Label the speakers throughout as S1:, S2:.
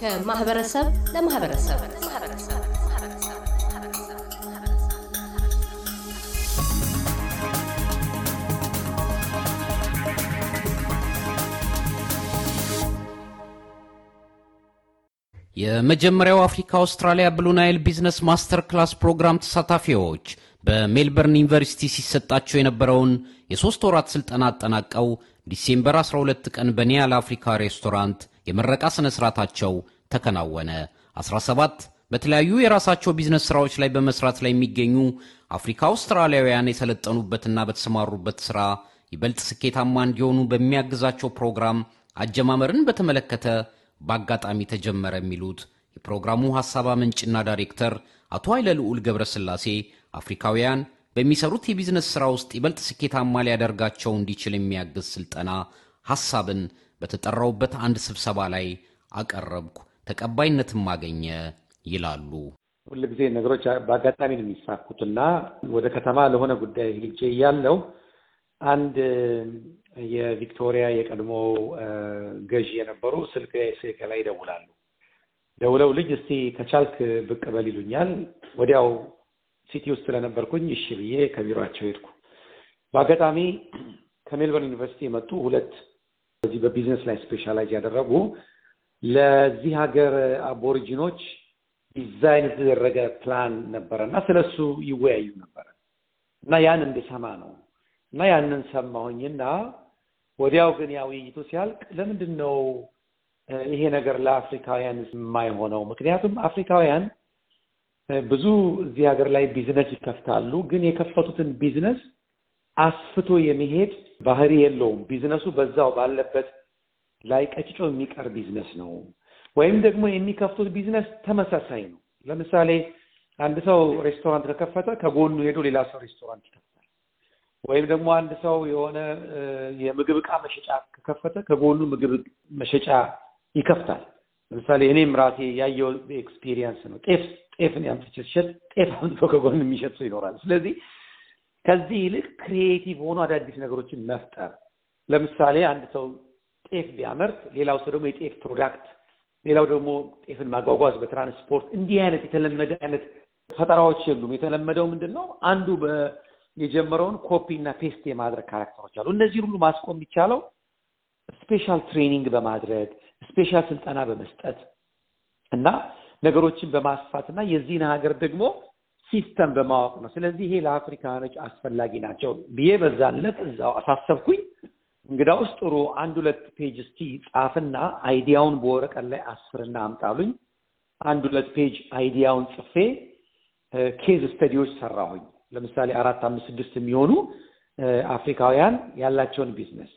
S1: ከማህበረሰብ ለማህበረሰብ የመጀመሪያው አፍሪካ አውስትራሊያ ብሉ ናይል ቢዝነስ ማስተር ክላስ ፕሮግራም ተሳታፊዎች በሜልበርን ዩኒቨርሲቲ ሲሰጣቸው የነበረውን የሦስት ወራት ሥልጠና አጠናቀው ዲሴምበር 12 ቀን በኒያላ አፍሪካ ሬስቶራንት የመረቃ ሥነ ሥርዓታቸው ተከናወነ። 17 በተለያዩ የራሳቸው ቢዝነስ ሥራዎች ላይ በመሥራት ላይ የሚገኙ አፍሪካ አውስትራሊያውያን የሰለጠኑበትና በተሰማሩበት ሥራ ይበልጥ ስኬታማ እንዲሆኑ በሚያግዛቸው ፕሮግራም አጀማመርን በተመለከተ በአጋጣሚ ተጀመረ የሚሉት የፕሮግራሙ ሐሳብ አመንጭና ዳይሬክተር አቶ ኃይለ ልዑል ገብረስላሴ አፍሪካውያን በሚሰሩት የቢዝነስ ሥራ ውስጥ ይበልጥ ስኬታማ ሊያደርጋቸው እንዲችል የሚያግዝ ሥልጠና ሐሳብን በተጠራውበት አንድ ስብሰባ ላይ አቀረብኩ፣ ተቀባይነትም አገኘ ይላሉ።
S2: ጊዜ ነገሮች በአጋጣሚ ነው የሚሳኩትና ወደ ከተማ ለሆነ ጉዳይ ሄጄ እያለሁ አንድ የቪክቶሪያ የቀድሞ ገዢ የነበሩ ስልክ ላይ ይደውላሉ። ደውለው ልጅ እስቲ ከቻልክ ብቅ በል ይሉኛል። ወዲያው ሲቲ ውስጥ ስለነበርኩኝ እሺ ብዬ ከቢሮቸው ሄድኩ። በአጋጣሚ ከሜልበርን ዩኒቨርሲቲ የመጡ ሁለት በዚህ በቢዝነስ ላይ ስፔሻላይዝ ያደረጉ ለዚህ ሀገር አቦሪጂኖች ዲዛይን የተደረገ ፕላን ነበረ እና ስለሱ ይወያዩ ነበረ እና ያን እንድሰማ ነው እና ያንን ሰማሁኝና ወዲያው ግን ያ ውይይቱ ሲያልቅ ለምንድን ነው ይሄ ነገር ለአፍሪካውያን የማይሆነው? ምክንያቱም አፍሪካውያን ብዙ እዚህ ሀገር ላይ ቢዝነስ ይከፍታሉ፣ ግን የከፈቱትን ቢዝነስ አስፍቶ የመሄድ ባህሪ የለውም። ቢዝነሱ በዛው ባለበት ላይ ቀጭጮ የሚቀር ቢዝነስ ነው። ወይም ደግሞ የሚከፍቱት ቢዝነስ ተመሳሳይ ነው። ለምሳሌ አንድ ሰው ሬስቶራንት ከከፈተ ከጎኑ ሄዶ ሌላ ሰው ሬስቶራንት ይከፍታል። ወይም ደግሞ አንድ ሰው የሆነ የምግብ እቃ መሸጫ ከከፈተ ከጎኑ ምግብ መሸጫ ይከፍታል። ለምሳሌ እኔም ራሴ ያየው ኤክስፒሪየንስ ነው። ጤፍ ጤፍን ያምጥቼ ስሸጥ ጤፍ አምጥቶ ከጎን የሚሸጥ ሰው ይኖራል። ስለዚህ ከዚህ ይልቅ ክሪኤቲቭ ሆኖ አዳዲስ ነገሮችን መፍጠር። ለምሳሌ አንድ ሰው ጤፍ ቢያመርት፣ ሌላው ሰው ደግሞ የጤፍ ፕሮዳክት፣ ሌላው ደግሞ ጤፍን ማጓጓዝ በትራንስፖርት እንዲህ አይነት የተለመደ አይነት ፈጠራዎች የሉም። የተለመደው ምንድን ነው? አንዱ የጀመረውን ኮፒ እና ፔስት የማድረግ ካራክተሮች አሉ። እነዚህን ሁሉ ማስቆም የሚቻለው ስፔሻል ትሬኒንግ በማድረግ ስፔሻል ስልጠና በመስጠት እና ነገሮችን በማስፋት እና የዚህን ሀገር ደግሞ ሲስተም በማወቅ ነው። ስለዚህ ይሄ ለአፍሪካኖች አስፈላጊ ናቸው ብዬ በዛለት እዛው አሳሰብኩኝ። ውስጥ ጥሩ አንድ ሁለት ፔጅ እስቲ ጻፍና አይዲያውን በወረቀት ላይ አስርና አምጣሉኝ። አንድ ሁለት ፔጅ አይዲያውን ጽፌ ኬዝ ስተዲዎች ሰራሁኝ። ለምሳሌ አራት፣ አምስት፣ ስድስት የሚሆኑ አፍሪካውያን ያላቸውን ቢዝነስ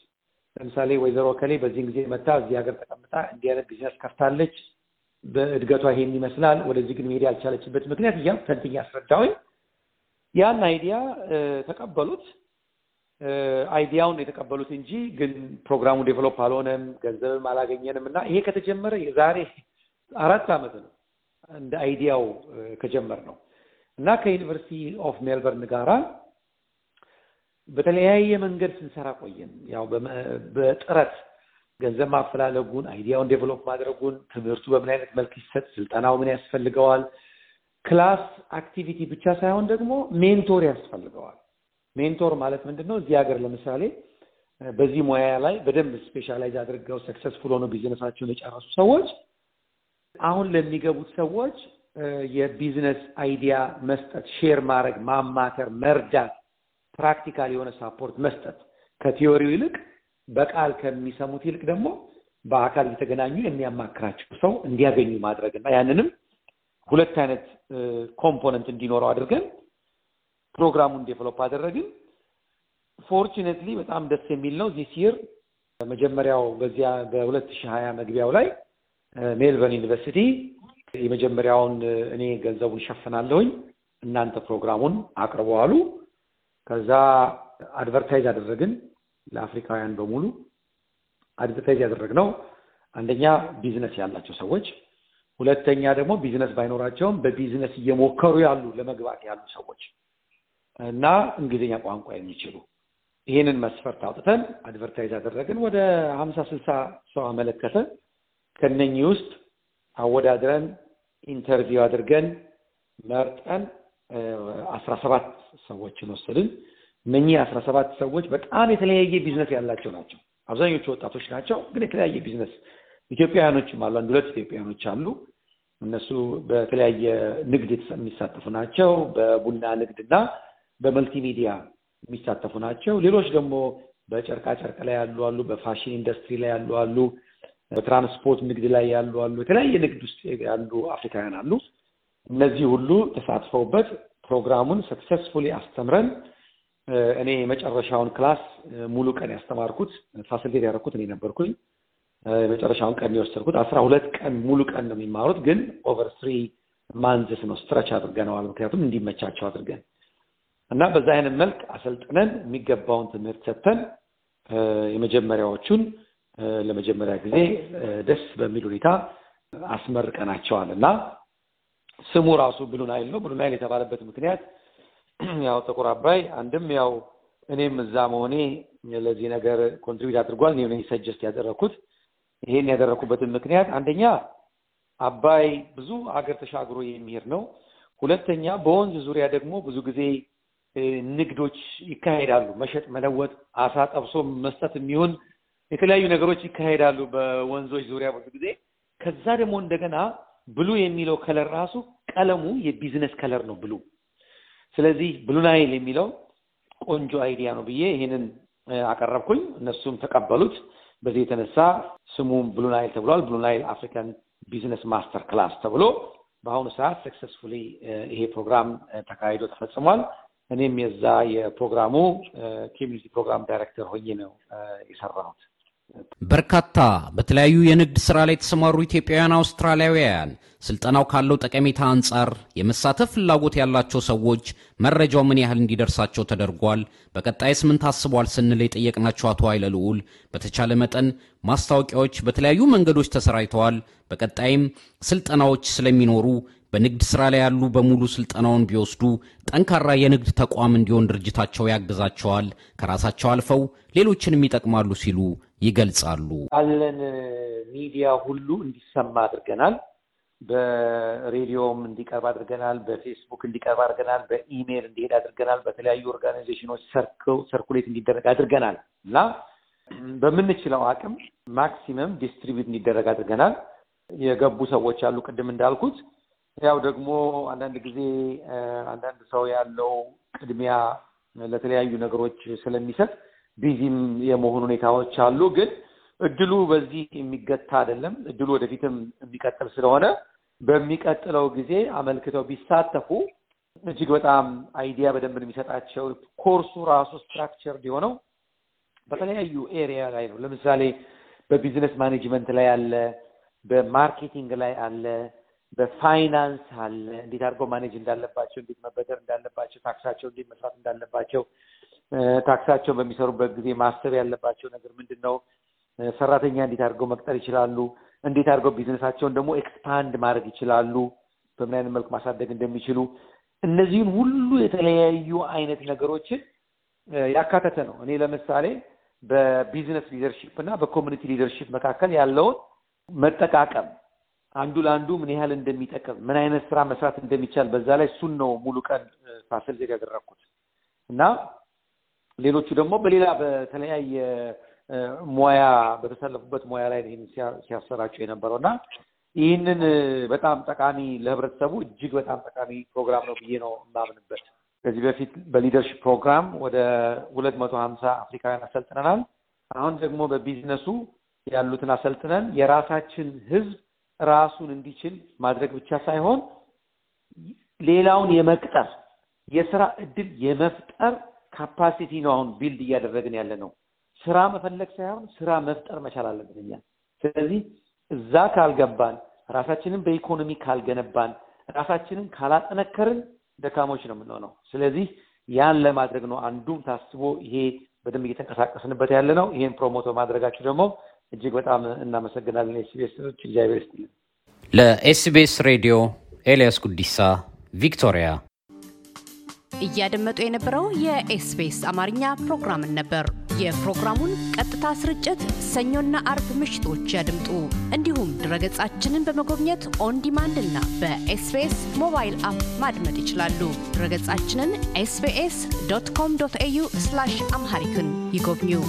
S2: ለምሳሌ ወይዘሮ ከሌ በዚህን ጊዜ መታ እዚህ ሀገር ተቀምጣ እንዲህ አይነት ቢዝነስ ከፍታለች፣ በእድገቷ ይሄን ይመስላል፣ ወደዚህ ግን መሄድ ያልቻለችበት ምክንያት እያም ተንትኝ አስረዳሁኝ። ያን አይዲያ ተቀበሉት። አይዲያውን የተቀበሉት እንጂ ግን ፕሮግራሙ ዴቨሎፕ አልሆነም፣ ገንዘብም አላገኘንም እና ይሄ ከተጀመረ የዛሬ አራት ዓመት ነው እንደ አይዲያው ከጀመር ነው እና ከዩኒቨርሲቲ ኦፍ ሜልበርን ጋራ በተለያየ መንገድ ስንሰራ ቆየን። ያው በጥረት ገንዘብ ማፈላለጉን፣ አይዲያውን ዴቨሎፕ ማድረጉን፣ ትምህርቱ በምን አይነት መልክ ይሰጥ፣ ስልጠናው ምን ያስፈልገዋል፣ ክላስ አክቲቪቲ ብቻ ሳይሆን ደግሞ ሜንቶር ያስፈልገዋል። ሜንቶር ማለት ምንድን ነው? እዚህ ሀገር ለምሳሌ በዚህ ሙያ ላይ በደንብ ስፔሻላይዝ አድርገው ሰክሰስፉል ሆነው ቢዝነሳቸውን የጨረሱ ሰዎች አሁን ለሚገቡት ሰዎች የቢዝነስ አይዲያ መስጠት፣ ሼር ማድረግ፣ ማማከር፣ መርዳት ፕራክቲካል የሆነ ሳፖርት መስጠት ከቲዮሪው ይልቅ በቃል ከሚሰሙት ይልቅ ደግሞ በአካል እየተገናኙ የሚያማክራቸው ሰው እንዲያገኙ ማድረግ እና ያንንም ሁለት አይነት ኮምፖነንት እንዲኖረው አድርገን ፕሮግራሙን ዴቨሎፕ አደረግን። ፎርቹኔትሊ በጣም ደስ የሚል ነው። ዚስ ይር መጀመሪያው በዚያ በሁለት ሺ ሀያ መግቢያው ላይ ሜልበርን ዩኒቨርሲቲ የመጀመሪያውን እኔ ገንዘቡን ሸፍናለሁኝ እናንተ ፕሮግራሙን አቅርበዋሉ። ከዛ አድቨርታይዝ አደረግን ለአፍሪካውያን በሙሉ። አድቨርታይዝ ያደረግነው አንደኛ ቢዝነስ ያላቸው ሰዎች፣ ሁለተኛ ደግሞ ቢዝነስ ባይኖራቸውም በቢዝነስ እየሞከሩ ያሉ ለመግባት ያሉ ሰዎች እና እንግሊዝኛ ቋንቋ የሚችሉ ይህንን መስፈርት አውጥተን አድቨርታይዝ አደረግን። ወደ ሀምሳ ስልሳ ሰው አመለከተ። ከነኚህ ውስጥ አወዳድረን ኢንተርቪው አድርገን መርጠን አስራ ሰባት ሰዎችን ወሰድን። እነኚህ አስራ ሰባት ሰዎች በጣም የተለያየ ቢዝነስ ያላቸው ናቸው። አብዛኞቹ ወጣቶች ናቸው፣ ግን የተለያየ ቢዝነስ ኢትዮጵያውያኖችም አሉ። አንድ ሁለት ኢትዮጵያውያኖች አሉ። እነሱ በተለያየ ንግድ የሚሳተፉ ናቸው። በቡና ንግድና በመልቲሚዲያ የሚሳተፉ ናቸው። ሌሎች ደግሞ በጨርቃ ጨርቅ ላይ ያሉ አሉ። በፋሽን ኢንዱስትሪ ላይ ያሉ አሉ። በትራንስፖርት ንግድ ላይ ያሉ አሉ። የተለያየ ንግድ ውስጥ ያሉ አፍሪካውያን አሉ። እነዚህ ሁሉ ተሳትፈውበት ፕሮግራሙን ሰክሰስፉሊ አስተምረን እኔ የመጨረሻውን ክላስ ሙሉ ቀን ያስተማርኩት ፋሲሊቴት ያደረኩት እኔ ነበርኩኝ። የመጨረሻውን ቀን የወሰድኩት አስራ ሁለት ቀን ሙሉ ቀን ነው የሚማሩት፣ ግን ኦቨር ስሪ ማንዝስ ነው ስትረች አድርገነዋል። ምክንያቱም እንዲመቻቸው አድርገን እና በዛ አይነት መልክ አሰልጥነን የሚገባውን ትምህርት ሰጥተን የመጀመሪያዎቹን ለመጀመሪያ ጊዜ ደስ በሚል ሁኔታ አስመርቀናቸዋል እና ስሙ ራሱ ብሉ ናይል ነው። ብሉ ናይል የተባለበት ምክንያት ያው ጥቁር አባይ አንድም ያው እኔም እዛ መሆኔ ለዚህ ነገር ኮንትሪቢዩት አድርጓል። ነው ነኝ ሰጀስት ያደረኩት። ይሄን ያደረኩበትን ምክንያት አንደኛ አባይ ብዙ አገር ተሻግሮ የሚሄድ ነው። ሁለተኛ በወንዝ ዙሪያ ደግሞ ብዙ ጊዜ ንግዶች ይካሄዳሉ። መሸጥ፣ መለወጥ፣ አሳ ጠብሶ መስጠት የሚሆን የተለያዩ ነገሮች ይካሄዳሉ በወንዞች ዙሪያ ብዙ ጊዜ። ከዛ ደግሞ እንደገና ብሉ የሚለው ከለር ራሱ ቀለሙ የቢዝነስ ከለር ነው ብሉ። ስለዚህ ብሉ ናይል የሚለው ቆንጆ አይዲያ ነው ብዬ ይሄንን አቀረብኩኝ። እነሱም ተቀበሉት። በዚህ የተነሳ ስሙም ብሉ ናይል ተብሏል። ብሉ ናይል አፍሪካን ቢዝነስ ማስተር ክላስ ተብሎ በአሁኑ ሰዓት ሰክሰስፉሊ ይሄ ፕሮግራም ተካሂዶ ተፈጽሟል። እኔም የዛ የፕሮግራሙ ኮሚኒቲ ፕሮግራም ዳይሬክተር ሆኜ ነው የሰራሁት።
S1: በርካታ በተለያዩ የንግድ ስራ ላይ የተሰማሩ ኢትዮጵያውያን አውስትራሊያውያን ስልጠናው ካለው ጠቀሜታ አንጻር የመሳተፍ ፍላጎት ያላቸው ሰዎች መረጃው ምን ያህል እንዲደርሳቸው ተደርጓል፣ በቀጣይስ ምን ታስቧል ስንል የጠየቅናቸው አቶ ኃይለ ልዑል በተቻለ መጠን ማስታወቂያዎች በተለያዩ መንገዶች ተሰራጭተዋል፣ በቀጣይም ስልጠናዎች ስለሚኖሩ በንግድ ስራ ላይ ያሉ በሙሉ ስልጠናውን ቢወስዱ ጠንካራ የንግድ ተቋም እንዲሆን ድርጅታቸው ያግዛቸዋል፣ ከራሳቸው አልፈው ሌሎችንም ይጠቅማሉ ሲሉ ይገልጻሉ።
S2: አለን ሚዲያ ሁሉ እንዲሰማ አድርገናል። በሬዲዮም እንዲቀርብ አድርገናል። በፌስቡክ እንዲቀርብ አድርገናል። በኢሜይል እንዲሄድ አድርገናል። በተለያዩ ኦርጋናይዜሽኖች ሰርኩሌት እንዲደረግ አድርገናል እና በምንችለው አቅም ማክሲመም ዲስትሪቢዩት እንዲደረግ አድርገናል። የገቡ ሰዎች አሉ። ቅድም እንዳልኩት ያው ደግሞ አንዳንድ ጊዜ አንዳንድ ሰው ያለው ቅድሚያ ለተለያዩ ነገሮች ስለሚሰጥ ቢዚም የመሆን ሁኔታዎች አሉ። ግን እድሉ በዚህ የሚገታ አይደለም። እድሉ ወደፊትም የሚቀጥል ስለሆነ በሚቀጥለው ጊዜ አመልክተው ቢሳተፉ እጅግ በጣም አይዲያ በደንብ የሚሰጣቸው ኮርሱ ራሱ ስትራክቸር የሆነው በተለያዩ ኤሪያ ላይ ነው። ለምሳሌ በቢዝነስ ማኔጅመንት ላይ አለ፣ በማርኬቲንግ ላይ አለ በፋይናንስ አለ። እንዴት አድርገው ማኔጅ እንዳለባቸው፣ እንዴት መበደር እንዳለባቸው፣ ታክሳቸው እንዴት መስራት እንዳለባቸው፣ ታክሳቸውን በሚሰሩበት ጊዜ ማሰብ ያለባቸው ነገር ምንድን ነው? ሰራተኛ እንዴት አድርገው መቅጠር ይችላሉ? እንዴት አድርገው ቢዝነሳቸውን ደግሞ ኤክስፓንድ ማድረግ ይችላሉ? በምን አይነት መልክ ማሳደግ እንደሚችሉ እነዚህን ሁሉ የተለያዩ አይነት ነገሮችን ያካተተ ነው። እኔ ለምሳሌ በቢዝነስ ሊደርሺፕ እና በኮሚኒቲ ሊደርሺፕ መካከል ያለውን መጠቃቀም አንዱ ለአንዱ ምን ያህል እንደሚጠቅም ምን አይነት ስራ መስራት እንደሚቻል በዛ ላይ እሱን ነው ሙሉ ቀን ፋሲሊቴት ያደረግኩት እና ሌሎቹ ደግሞ በሌላ በተለያየ ሙያ በተሰለፉበት ሙያ ላይ ይህን ሲያሰራቸው የነበረው እና ይህንን በጣም ጠቃሚ ለህብረተሰቡ እጅግ በጣም ጠቃሚ ፕሮግራም ነው ብዬ ነው የማምንበት። ከዚህ በፊት በሊደርሽፕ ፕሮግራም ወደ ሁለት መቶ ሀምሳ አፍሪካውያን አሰልጥነናል። አሁን ደግሞ በቢዝነሱ ያሉትን አሰልጥነን የራሳችን ህዝብ ራሱን እንዲችል ማድረግ ብቻ ሳይሆን ሌላውን የመቅጠር የስራ እድል የመፍጠር ካፓሲቲ ነው አሁን ቢልድ እያደረግን ያለ ነው። ስራ መፈለግ ሳይሆን ስራ መፍጠር መቻል አለብን እኛ። ስለዚህ እዛ ካልገባን፣ ራሳችንን በኢኮኖሚ ካልገነባን፣ ራሳችንን ካላጠነከርን ደካሞች ነው የምንሆነው። ስለዚህ ያን ለማድረግ ነው አንዱም ታስቦ ይሄ በደንብ እየተንቀሳቀስንበት ያለ ነው። ይሄን ፕሮሞት በማድረጋችሁ ደግሞ እጅግ በጣም እናመሰግናለን። ኤስቢኤሶች እግዚአብሔር ይስጥልን።
S1: ለኤስቢኤስ ሬዲዮ ኤልያስ ጉዲሳ ቪክቶሪያ። እያደመጡ የነበረው የኤስቢኤስ አማርኛ ፕሮግራምን ነበር። የፕሮግራሙን ቀጥታ ስርጭት ሰኞና አርብ ምሽቶች ያድምጡ። እንዲሁም ድረገጻችንን በመጎብኘት ኦን ዲማንድ እና በኤስቢኤስ ሞባይል አፕ ማድመጥ ይችላሉ። ድረገጻችንን ኤስቢኤስ ዶት ኮም ዶት ኤዩ አምሃሪክን ይጎብኙ።